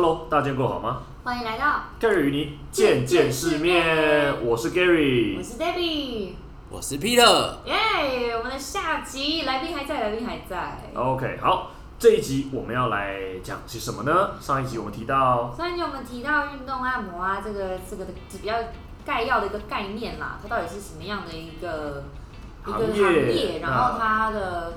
Hello，大家過好嗎？歡迎來到 Gary 與你見見，見見世面。我是 Gary，我是 Debbie，我是 Peter。耶、yeah，我們的下集來賓還在，來賓還在。OK，好，這一集我們要來講些什麼呢？上一集我們提到，上一集我們提到運動按摩啊，這個這個是比較概要的一個概念啦，它到底是什麼樣的一個一個行業，啊，然後它的，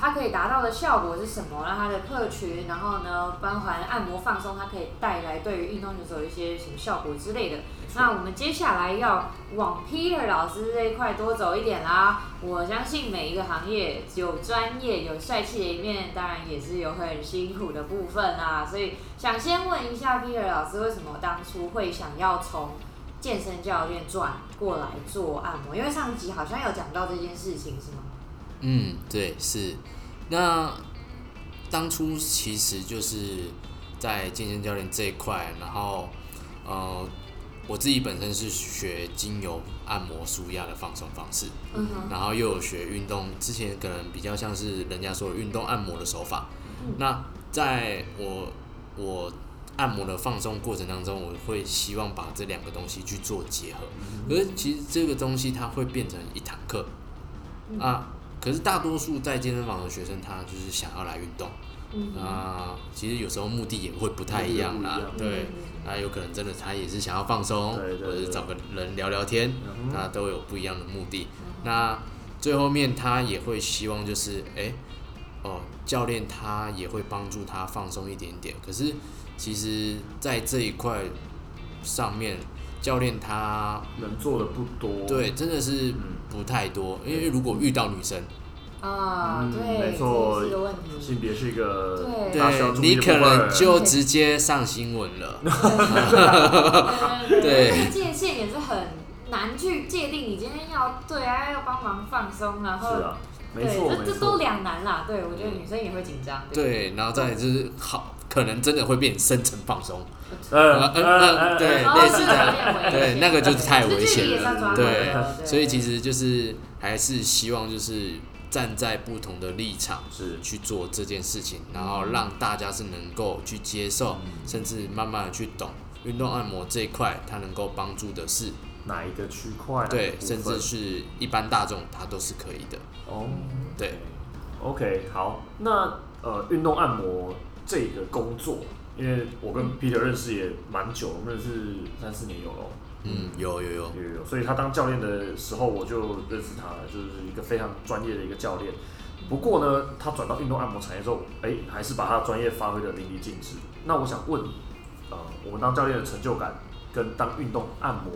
它可以達到的效果是什麼？讓它的客群，然後呢，包含按摩放鬆，它可以帶來對於運動選手一些什麼效果之類的。那我們接下來要往 Peter 老師這一塊多走一點啦。我相信每一個行業有專業、有帥氣的一面，當然也是有很辛苦的部分啦。所以想先問一下 Peter 老師，為什麼當初會想要從健身教練轉過來做按摩？因為上集好像有講到這件事情，是嗎？嗯，對，是。那當初其實就是在健身教練這一塊，然後，呃，我自己本身是學精油按摩、舒壓的放鬆方式、嗯，然後又有學運動，之前可能比較像是人家說的運動按摩的手法。嗯、那在我我按摩的放鬆過程當中，我會希望把這兩個東西去做結合，可是、嗯、其實這個東西它會變成一堂課、嗯、啊。可是大多數在健身房的學生，他就是想要來運動。嗯，啊，其實有時候目的也會不太一樣啦。樣對，啊、嗯，那有可能真的他也是想要放鬆，對對對對，或者是找個人聊聊天，那、嗯、都有不一樣的目的、嗯。那最後面他也會希望就是，誒哦、呃，教練他也會幫助他放鬆一點點。可是其實，在這一塊上面。教練他能做的不多，對，真的是不太多，嗯、因為如果遇到女生嗯嗯嗯嗯，啊，對，沒錯，性別是一個，對，你可能就直接上新聞了，okay，對，界限也是很難去界定，你今天要對啊，要幫忙放鬆，然後，是啊，沒錯，沒錯，這都兩難啦，對我覺得女生也會緊張，對，對，然後再就是好。可能真的會變深層放鬆，嗯嗯嗯，對對是的，啊，對，對那個就是太危險了，了對，對，所以其實就是還是希望就是站在不同的立場是去做這件事情，然後讓大家是能夠去接受，嗯，甚至慢慢的去懂運動按摩這一塊，它能夠幫助的是哪一個區塊？對，甚至是一般大眾它都是可以的哦，對，OK，好，那呃運動按摩。這個工作，因為我跟 Peter 認識也蠻久了，我們是三四年有了。嗯，有有有有有，所以他當教練的時候我就認識他了，就是一個非常專業的一個教練。不過呢，他轉到運動按摩產業之後，哎，還是把他專業發揮得淋漓盡致。那我想問，呃，我們當教練的成就感，跟當運動按摩，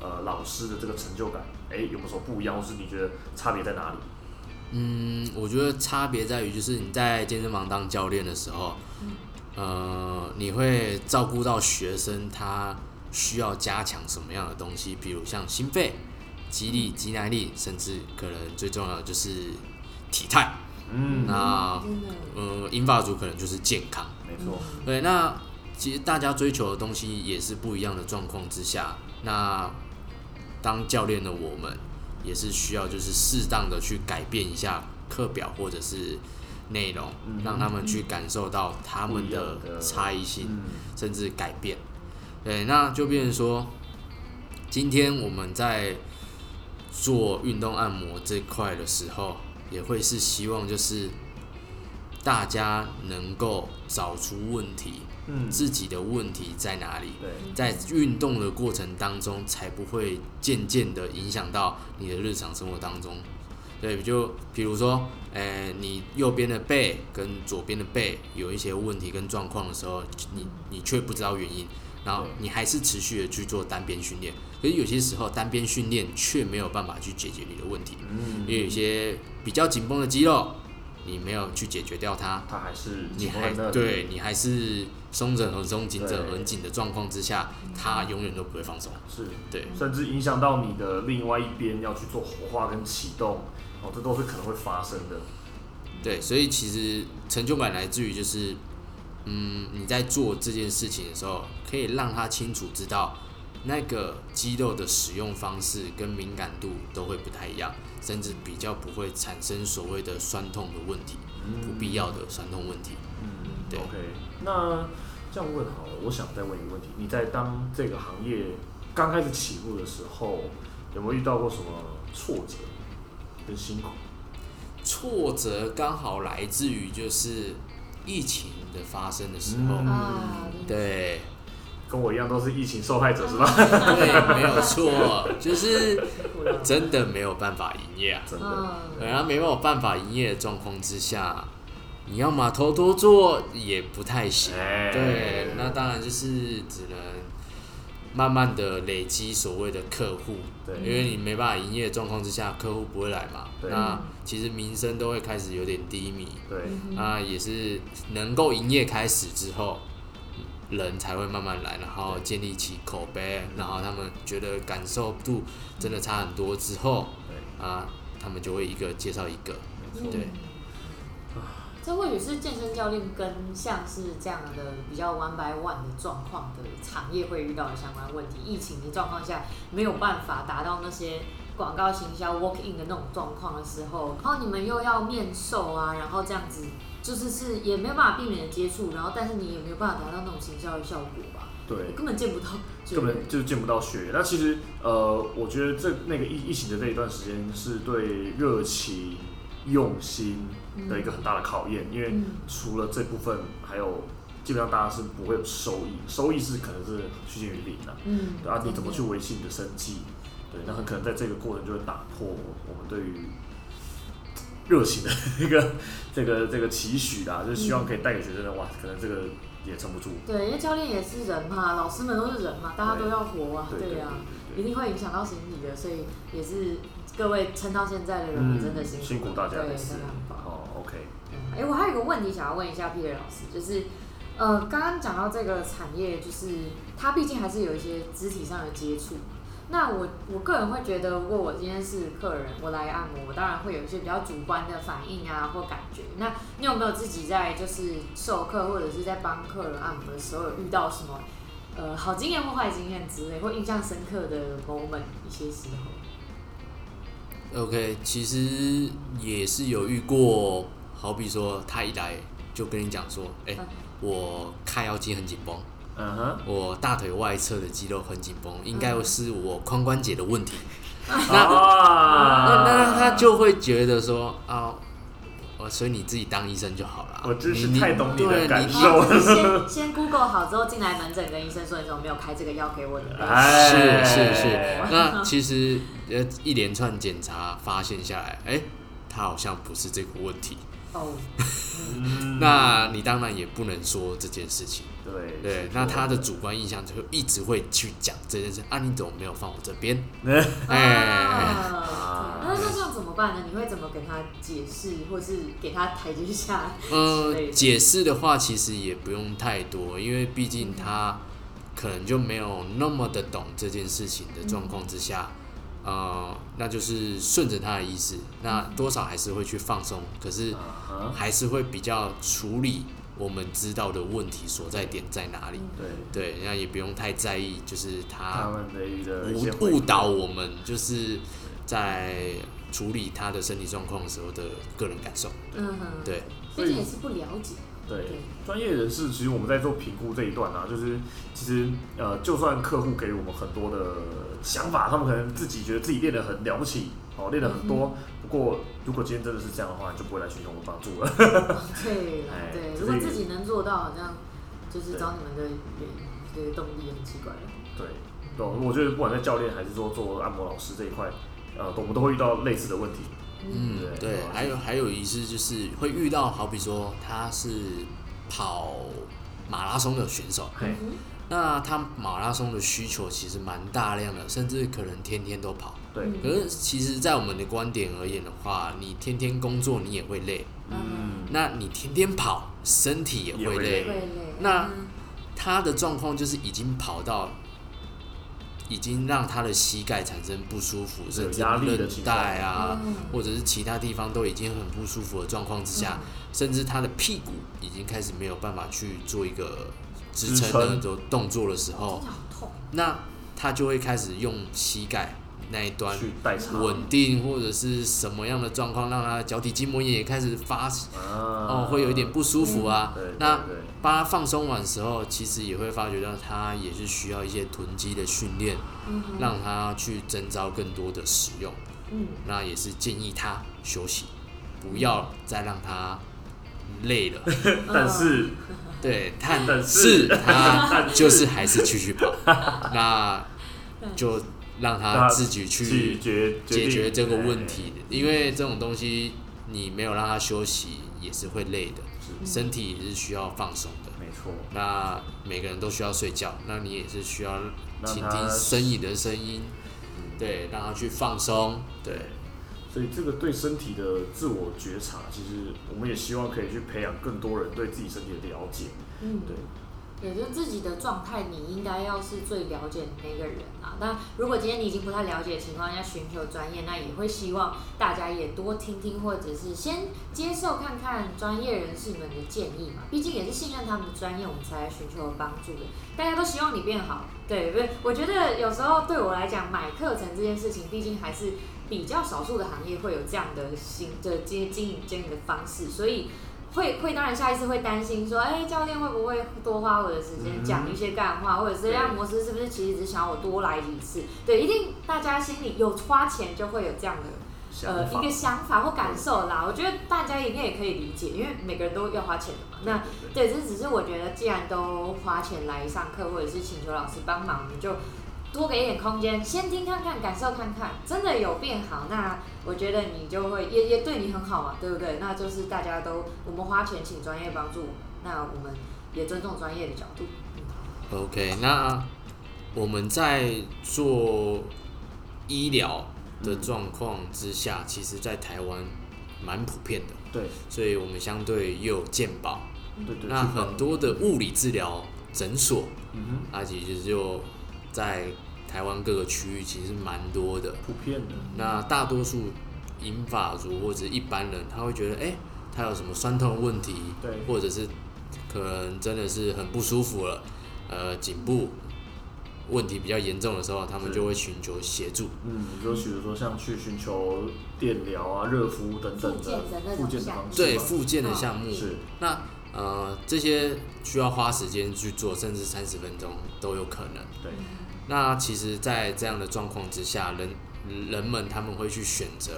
呃，老師的這個成就感，哎，有沒有什麼不一樣，或是你覺得差別在哪裡？嗯，我覺得差別在於，就是你在健身房當教練的時候，嗯，呃，你會照顧到學生他需要加強什麼樣的東西，比如像心肺、肌力、肌耐力，甚至可能最重要的就是體態。嗯，那呃，銀髮族可能就是健康，沒錯。對，那其實大家追求的東西也是不一樣的狀況之下，那當教練的我們，也是需要就是適當的去改變一下課表或者是內容，讓他們去感受到他們的差異性，甚至改變。對，那就變成說，今天我們在做運動按摩這塊的時候，也會是希望就是大家能夠找出問題。嗯，自己的問題在哪裡？對，在運動的過程當中，才不會漸漸的影響到你的日常生活當中。對，就比如說，誒，你右邊的背跟左邊的背有一些問題跟狀況的時候，你你卻不知道原因，然後你還是持續的去做單邊訓練，可是有些時候單邊訓練卻沒有辦法去解決你的問題。嗯，因為有些比較緊繃的肌肉。你沒有去解決掉它，它還是你還對你還是鬆着、很鬆緊着、很緊的狀況之下，它永遠都不會放鬆。是，對，甚至影響到你的另外一邊要去做活化跟啟動。哦，這都是可能會發生的。對，所以其實成就感來自於就是，嗯，你在做這件事情的時候，可以讓他清楚知道。那個肌肉的使用方式跟敏感度都會不太一樣，甚至比較不會產生所謂的酸痛的問題，不必要的酸痛問題。嗯，對。OK，那這樣問好了，我想再問一個問題：你在當這個行業剛開始起步的時候，有沒有遇到過什麼挫折跟辛苦？挫折剛好來自於就是疫情的發生的時候，嗯，對。跟我一樣都是疫情受害者是吧？ 對，沒有錯，就是真的沒有辦法營業啊，真的。對啊，沒有辦法營業的狀況之下，你要嘛偷偷做也不太行。欸、對，對，對，對，對，那當然就是只能慢慢的累積所謂的客戶，因為你沒辦法營業的狀況之下，客戶不會來嘛。那其實名聲都會開始有點低迷。對，啊，也是能夠營業開始之後，人才會慢慢來，然後建立起口碑，然後他們覺得感受度真的差很多之後，啊，他們就會一個介紹一個，嗯、對。啊，這或許是健身教練跟像是這樣的比較 one by one 的狀況的產業會遇到的相關問題。疫情的狀況下沒有辦法達到那些廣告行銷 walk in 的那種狀況的時候，然後你們又要面授啊，然後這樣子。就是是也沒有辦法避免的接觸，然後但是你也沒有辦法達到那種行銷的效果吧？對，根本見不到，根本就是見不到學員。那其實呃，我覺得這那個疫疫情的那一段時間是對熱情、用心的一個很大的考驗。嗯，因為除了這部分，還有基本上大家是不會有收益，收益是可能是趨近於零的，啊。嗯，啊，你怎麼去維持你的生計？對，那很可能在這個過程就會打破我們對於。熱情的一、那個這個這個期許啦，就是希望可以帶給學生的話、嗯、可能這個也撐不住。對，因為教練也是人嘛，老師們都是人嘛，大家都要活啊，對啊，一定會影響到心理的，所以也是各位撐到現在的人、嗯、真的辛苦，辛苦大家也是。對，這樣哦，OK。哎、欸，我還有一個問題想要問一下 Peter 老師，就是呃，剛剛講到這個產業，就是它畢竟還是有一些肢體上的接觸。那我我個人會覺得，如果我今天是客人，我來按摩，我當然會有一些比較主觀的反應啊或感覺。那你有沒有自己在就是授課或者是在幫客人按摩的時候，有遇到什麼呃好經驗或壞經驗之類，或印象深刻的 moment 一些時候？OK，其實也是有遇過，好比說他一來就跟你講說，哎、欸，okay. 我看腰肌很緊繃。Uh -huh. 我大腿外側的肌肉很緊繃，uh -huh. 應該是我髖關節的問題。Uh -huh. 那、uh -huh. 那那他就會覺得說，哦，我所以你自己當醫生就好了、uh -huh.。我真是太懂你了，感受你、uh -huh. 先先 Google 好之後進來門診跟醫生說，你怎麼沒有開這個藥給我的、uh -huh. 是？是是是，uh -huh. 那其實呃一連串檢查發現下來，哎、欸，他好像不是這個問題。哦、oh, 嗯， 那你當然也不能說這件事情。對對，那他的主觀印象就會一直會去講這件事啊，你怎麼沒有放我這邊、 啊？哎，那、啊哎啊、那這樣怎麼辦呢？你會怎麼跟他解釋，或是給他台階下？呃、嗯，解釋的話其實也不用太多，因為畢竟他可能就沒有那麼的懂這件事情的狀況之下。嗯呃，那就是順着他的意思，那多少還是會去放鬆。嗯，可是還是會比較處理我們知道的問題所在點在哪裡。對對，那也不用太在意，就是他誤誤導我們，就是在處理他的身體狀況的時候的個人感受。嗯哼，對，也是不了解。對，專業人士，其實我們在做評估這一段啊，就是其實呃，就算客戶給我們很多的想法，他們可能自己覺得自己練得很了不起，哦，練了很多。不過如果今天真的是這樣的話，就不會來尋求我們幫助了。對，對， 對，對，如果自己能做到，這樣就是找你們的，這些動力很奇怪。對，對、嗯、對，我覺得不管在教練還是說做按摩老師這一塊，呃，我們都會遇到類似的問題。嗯，對，還有，還有一次就是會遇到，好比說他是跑馬拉松的選手，嗯、那他馬拉松的需求其實蠻大量的，甚至可能天天都跑。對、嗯，可是其實，在我們的觀點而言的話，你天天工作，你也會累。嗯，那你天天跑，身體也會累。會累。那他的狀況就是已經跑到。已經讓他的膝蓋產生不舒服，甚至韌帶啊，或者是其他地方都已經很不舒服的狀況之下，甚至他的屁股已經開始沒有辦法去做一個支撐的做動作的時候，那他就會開始用膝蓋。那一段穩定或者是什麼樣的狀況，讓他腳底筋膜炎也開始發，哦，會有一點不舒服啊、嗯對對對。那幫他放鬆完的時候，其實也會發覺到他也是需要一些臀肌的訓練，讓他去徵召更多的使用，嗯。那也是建議他休息，不要再讓他累了。嗯、 但是，對，但是他就是還是繼續跑，嗯、 那就。讓他自己去解決，決，解決這個問題的，因為這種東西你沒有讓他休息，也是會累的，身體也是需要放鬆的。沒錯。那每個人都需要睡覺，那你也是需要傾聽身體的聲音，對，讓他去放鬆。對、嗯。所以這個對身體的自我覺察，其實我們也希望可以去培養更多人對自己身體的了解。嗯。對。也就是自己的狀態，你應該要是最了解的那個人啊。那如果今天你已經不太了解的情況下尋求專業，那也會希望大家也多聽聽，或者是先接受看看專業人士們的建議嘛。畢竟也是信任他們的專業，我們才來尋求幫助的。大家都希望你變好，對不對？我覺得有時候對我來講，買課程這件事情，畢竟還是比較少數的行業會有這樣的行的這經營經營的方式，所以。會會當然下一次會擔心說，哎，教練會不會多花我的時間講一些幹話，嗯、或者是讓模式，是不是其實只想要我多來幾次？對，一定大家心裡有花錢就會有這樣的呃一個想法或感受啦。我覺得大家一定也可以理解，因為每個人都要花錢的嘛。那對，這只是我覺得，既然都花錢來上課，或者是請求老師幫忙，你就。多給一點空間，先聽看看，感受看看，真的有變好，那我覺得你就會也也對你很好嘛，對不對？那就是大家都我們花錢請專業幫助，那我們也尊重專業的角度。OK，那我們在做醫療的狀況之下，mm-hmm. 其實在台灣蠻普遍的，對，所以我們相對又有健保，對對。那很多的物理治療診所，那、mm-hmm. 啊、其實就。在台灣各個區域，其實蠻多的，普遍的。嗯、那大多數，銀髮族或者一般人，他會覺得，哎、欸，他有什麼酸痛問題，對，或者是可能真的是很不舒服了，呃，頸部、嗯、問題比較嚴重的時候，他們就會尋求協助。嗯，就比如說像去尋求電療啊、熱敷等等的復健的方式，對復健的項目，啊、是那。呃，這些需要花時間去做，甚至三十分鐘都有可能。對，那其實，在這樣的狀況之下，人人們他們會去選擇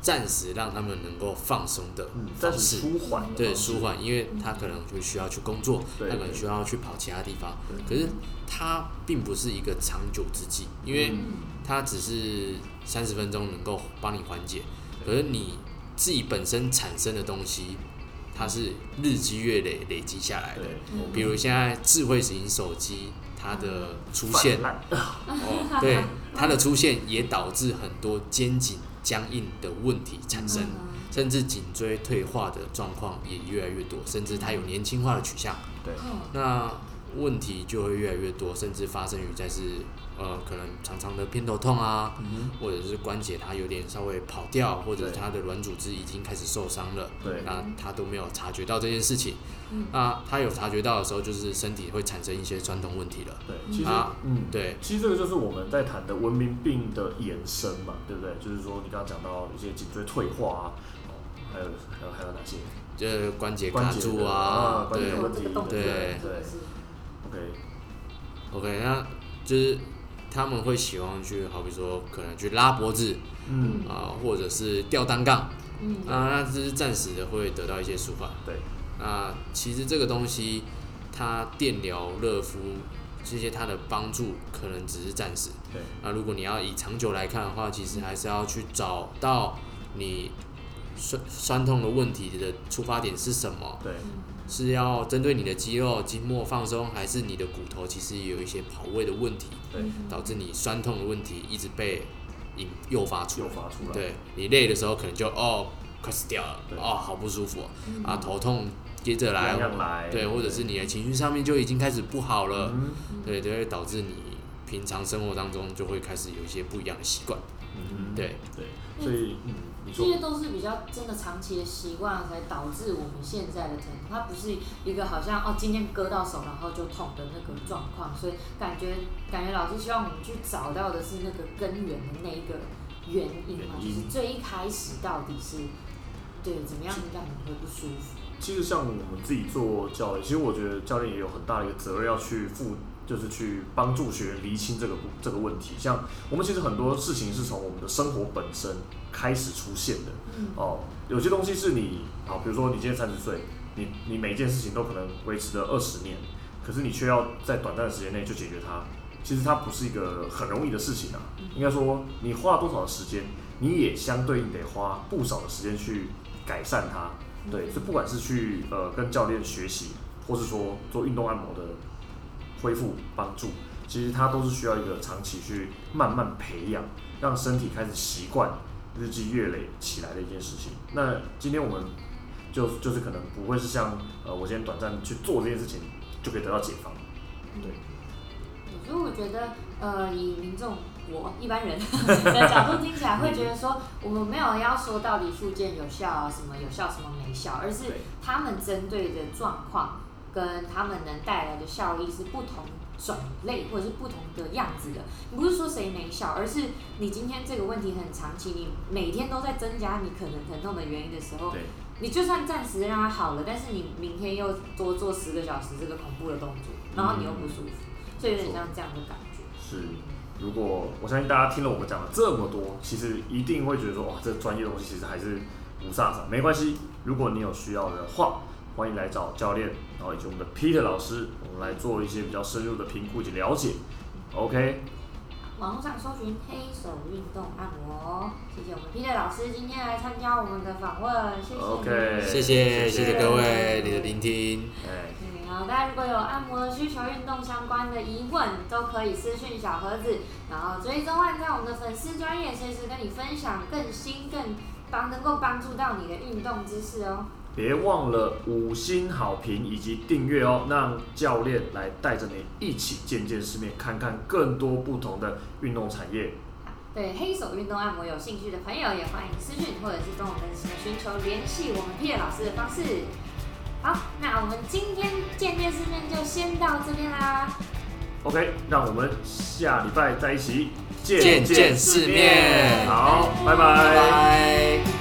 暫時讓他們能夠放鬆的方式，嗯、暫時舒緩。對，舒緩，因為他可能就需要去工作，嗯、他可能需要去跑其他地方。對對對對。可是，它並不是一個長久之計，因為它只是三十分鐘能夠幫你緩解，嗯，可是你自己本身產生的東西。它是日積月累累積下來的，比如現在智慧型手機它的出現對、嗯哦 哦，對，它的出現也導致很多肩頸僵硬的問題產生，嗯、甚至頸椎退化的狀況也越來越多，甚至它有年輕化的取向，對，那問題就會越來越多，甚至發生於在是。呃，可能常常的偏頭痛啊，嗯、或者是關節它有點稍微跑掉，嗯、或者它的軟組織已經開始受傷了，對、那他都沒有察覺到這件事情，那、嗯、他、啊、有察覺到的時候，就是身體會產生一些酸痛問題了。對，其實、啊，嗯，對，其實這個就是我們在談的文明病的延伸嘛，對不對？就是說你剛剛講到一些頸椎退化啊，還有還有還有哪些？就是關節卡住啊，關節問題，對、這個、對。OK，OK，、okay. okay, 那就是。他們會喜歡去，好比說，可能去拉脖子，嗯，啊、呃，或者是吊單槓，嗯，啊，那只是暫時的，會得到一些舒緩，對。那、啊、其實這個東西，它電療、熱敷這些，它的幫助可能只是暫時，對。那、啊、如果你要以長久來看的話，其實還是要去找到你酸酸痛的問題的出發點是什麼，對。嗯是要針對你的肌肉筋膜放鬆，還是你的骨頭其實也有一些跑位的問題，對，導致你痠痛的問題一直被引誘發，發出來，對，你累的時候可能就哦快死掉了，哦好不舒服、嗯、啊，頭痛接着來，來對，對，或者是你的情緒上面就已經開始不好了，嗯、對，就會導致你平常生活當中就會開始有一些不一樣的習慣，嗯，對對，所以。嗯。這些都是比較真的長期的習慣，才導致我們現在的疼痛。它不是一個好像哦，今天割到手然後就痛的那個狀況，所以感覺感覺老師希望我們去找到的是那個根源的那一個原因嘛，因就是最一開始到底是對怎麼樣讓你會不舒服。其實像我們自己做教練，其實我覺得教練也有很大的一個責任要去負。就是去幫助學員釐清這個這個問題，像我們其實很多事情是從我們的生活本身開始出現的，哦、嗯呃，有些東西是你，好、呃，比如說你今天三十歲，你你每一件事情都可能維持了二十年，可是你卻要在短暫的時間內就解決它，其實它不是一個很容易的事情啊，應該說你花了多少的時間，你也相對應得花不少的時間去改善它，對，就、嗯、不管是去呃跟教練學習，或是說做運動按摩的。恢復幫助，其實它都是需要一個長期去慢慢培養，讓身體開始習慣，日積月累起來的一件事情。那今天我們就就是可能不會是像呃，我今天短暫去做這件事情就可以得到解放。對。所以，嗯，我覺得，呃，以民眾我一般人的 角度聽起來，會覺得說， 我們沒有要說到底復健有效啊，什麼有效什麼沒效，而是他們針對的狀況。跟他們能帶來的效益，是不同種類或者是不同的樣子的。你不是說誰沒效，而是你今天這個問題很長期，你每天都在增加你可能疼痛的原因的時候，對，你就算暫時讓它好了，但是你明天又多做十個小時這個恐怖的動作，然後你又不舒服，嗯，所以有點像這樣的感覺。是，如果我相信大家聽了我們講了這麼多，其實一定會覺得說哇，這專業的東西其實還是不紮實。沒關係，如果你有需要的話，歡迎來找教練，然後以及我們的 Peter 老師，我們來做一些比較深入的評估及了解。OK。網絡上搜尋黑手運動按摩，謝謝我們 Peter 老師今天來參加我們的訪問謝謝 okay, 謝謝，謝謝。謝謝謝謝各位謝謝你的聆聽。哎。然後大家如果有按摩需求、運動相關的疑問，都可以私訊小盒子，然後追終蹤萬在我們的粉絲專業，隨時跟你分享更新、更幫能夠幫助到你的運動知識哦。別忘了五星好評以及訂閱哦，讓教練來帶着你一起見見世面，看看更多不同的運動產業。對黑手運動按摩有興趣的朋友，也歡迎私訊或者是跟我們的尋求聯繫我們 Peter 老師的方式。好，那我們今天見見世面就先到這邊啦。OK，讓我們下禮拜再一起見見世面。好，拜拜。拜拜。